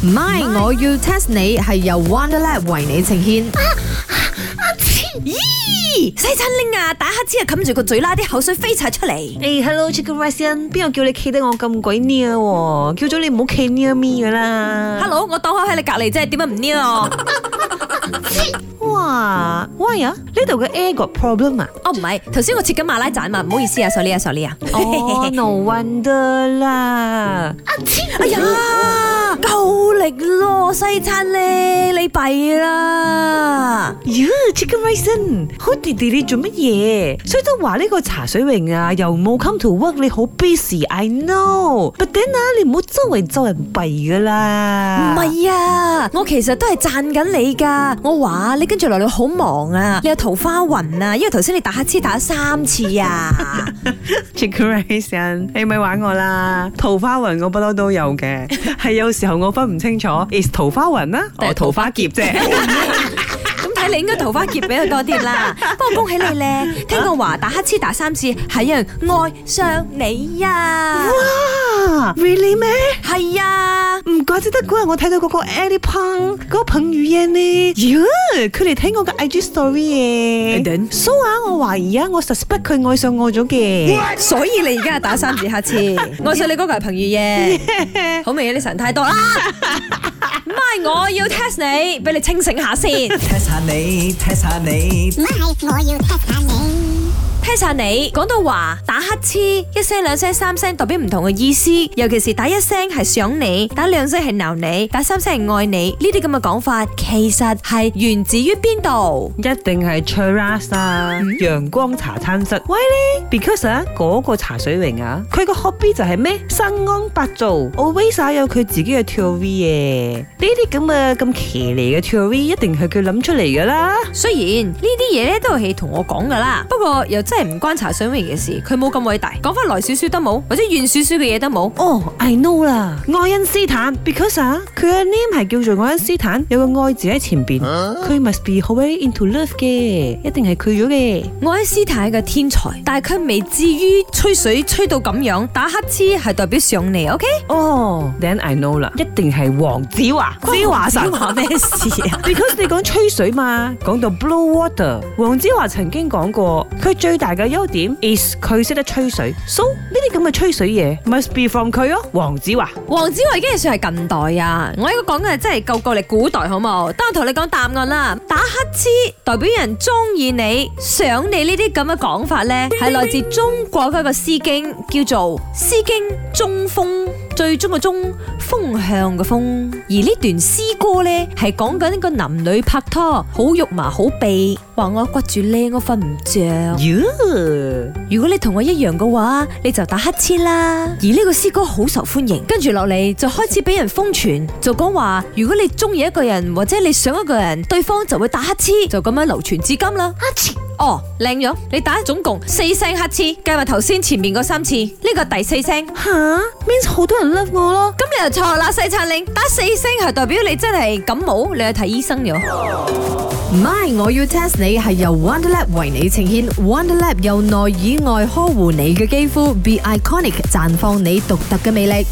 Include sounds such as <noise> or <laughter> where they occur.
MY，我要 test 你係由 Wonderland 為你呈獻。阿阿咦！洗親拎啊，打乞嗤啊，冚住個嘴啦，啲口水飛晒出嚟。Hey, Hello Chicka Ration，邊個叫你企得我咁鬼黏啊？叫咗你唔好企 near me 噶啦。Hello，我當開喺你隔籬啫，點解唔黏我？哇，Why 啊？呢度嘅 egg problem 啊？哦，唔係，頭先我切緊馬拉盞嘛，唔好意思啊，sorry 啊，sorry 啊。Oh no wonder 啦！阿嚏， <laughs> 呀！ <noise> <noise> 力咯，西餐咧，你弊啦！呀、yeah，Chicken Raisin，好地地你做乜嘢？所以都話呢個茶水榮啊，又冇 come to work，你好 busy，I know。But then 啊，你唔好周圍周人弊噶啦。唔係啊，我其實都係讚緊你㗎。我話你跟住來嚟好忙啊，你有桃花運啊，因為頭先你打乞嗤打三次啊。 <laughs> Chicken Raisin 你咪玩我啦！桃花運我不嬲都有嘅，係有時候我分唔清。 <laughs> 清楚，is 桃花運啦，但係桃花劫啫。咁睇你應該桃花劫比佢多啲啦。不過恭喜你咧，聽過話打乞嗤打三次，係人愛上你呀！哇，really 咩？係呀。怪只得嗰日我睇到嗰個 Ellie Pang，嗰個彭雨嫣呢，咧，佢嚟睇我嘅 IG story 嘅，所以啊，我懷疑啊，我 suspect 佢愛上我咗嘅，yeah. <laughs> 所以你而家係打三字下次！ <laughs> <laughs> 愛上你嗰個係彭雨嫣，Yeah. <laughs> 好未啊？你神太多啦，唔係 <laughs> 我要 test 你，俾你清醒下先，test 下你，test 下你，乜係 <laughs> 我要 test 下你？猜查你講到話打乞嗤，一聲兩聲三聲代表唔同嘅意思，尤其是打一聲係想你，打兩聲係鬧你，打三聲係愛你呢啲咁嘅講法，其實係源自於邊度？一定係 Cheras 啊，陽光茶餐室。喂，呢？Because 嗰、啊、個茶水榮啊，佢個 hobby 就係咩生安白造，always 有佢自己嘅 theory。呢啲咁嘅咁奇離嘅 theory，一定係佢諗出嚟噶啦。雖然呢啲嘢咧都係同我講噶啦，不過又真。唔關察水味嘅事，佢冇咁偉大。講翻來少少得冇？或者遠少少嘅嘢得冇？哦、oh，I know 啦，愛因斯坦，because 佢嘅 name 係叫做愛因斯坦，有個愛字喺前邊，佢 Huh? must be away into love 嘅，一定係佢咗嘅。愛因斯坦係個天才，但係佢未至於吹水吹到咁樣，打乞嗤係代表上嚟，OK？哦、oh，then I know 啦，一定係黃子華，子華子華咩事啊 <laughs> ？Because 你講吹水嘛，講到 blow water，黃子華曾經講過，佢最大，大嘅優點 is 佢識得吹水，so 呢啲咁嘅吹水嘢 must be from 佢咯、哦。黃子華，黃子華已經係算係近代啊！我應該講嘅係真係舊過嚟古代好冇？等我同你講答案啦。打乞嗤代表人中意你，想你呢啲咁嘅講法呢，係來自中國嗰個詩經，叫做《詩經·終風》。最終個鐘，風向嘅風，而呢段詩歌呢，係講緊一個男女拍拖好肉麻好痹，話我骨住靚我瞓唔着。Yeah. 如果你同我一樣嘅話，你就打乞嗤啦。而呢個詩歌好受歡迎，跟住落嚟就開始俾人瘋傳，就講話如果你中意一個人或者你想一個人，對方就會打乞嗤，就咁樣流傳至今啦。哦，靚咗！你打總共四聲乞嗤，計埋頭先前面嗰三次，呢個第四聲吓，means 好多人 love 我咯。咁你又錯啦，細陳令，打四聲係代表你真係感冒，你去睇醫生咗。MY，我要 test 你係由 Wonderlab 為你呈現，Wonderlab 由內以外呵護你嘅肌膚，be iconic 綻放你獨特嘅魅力。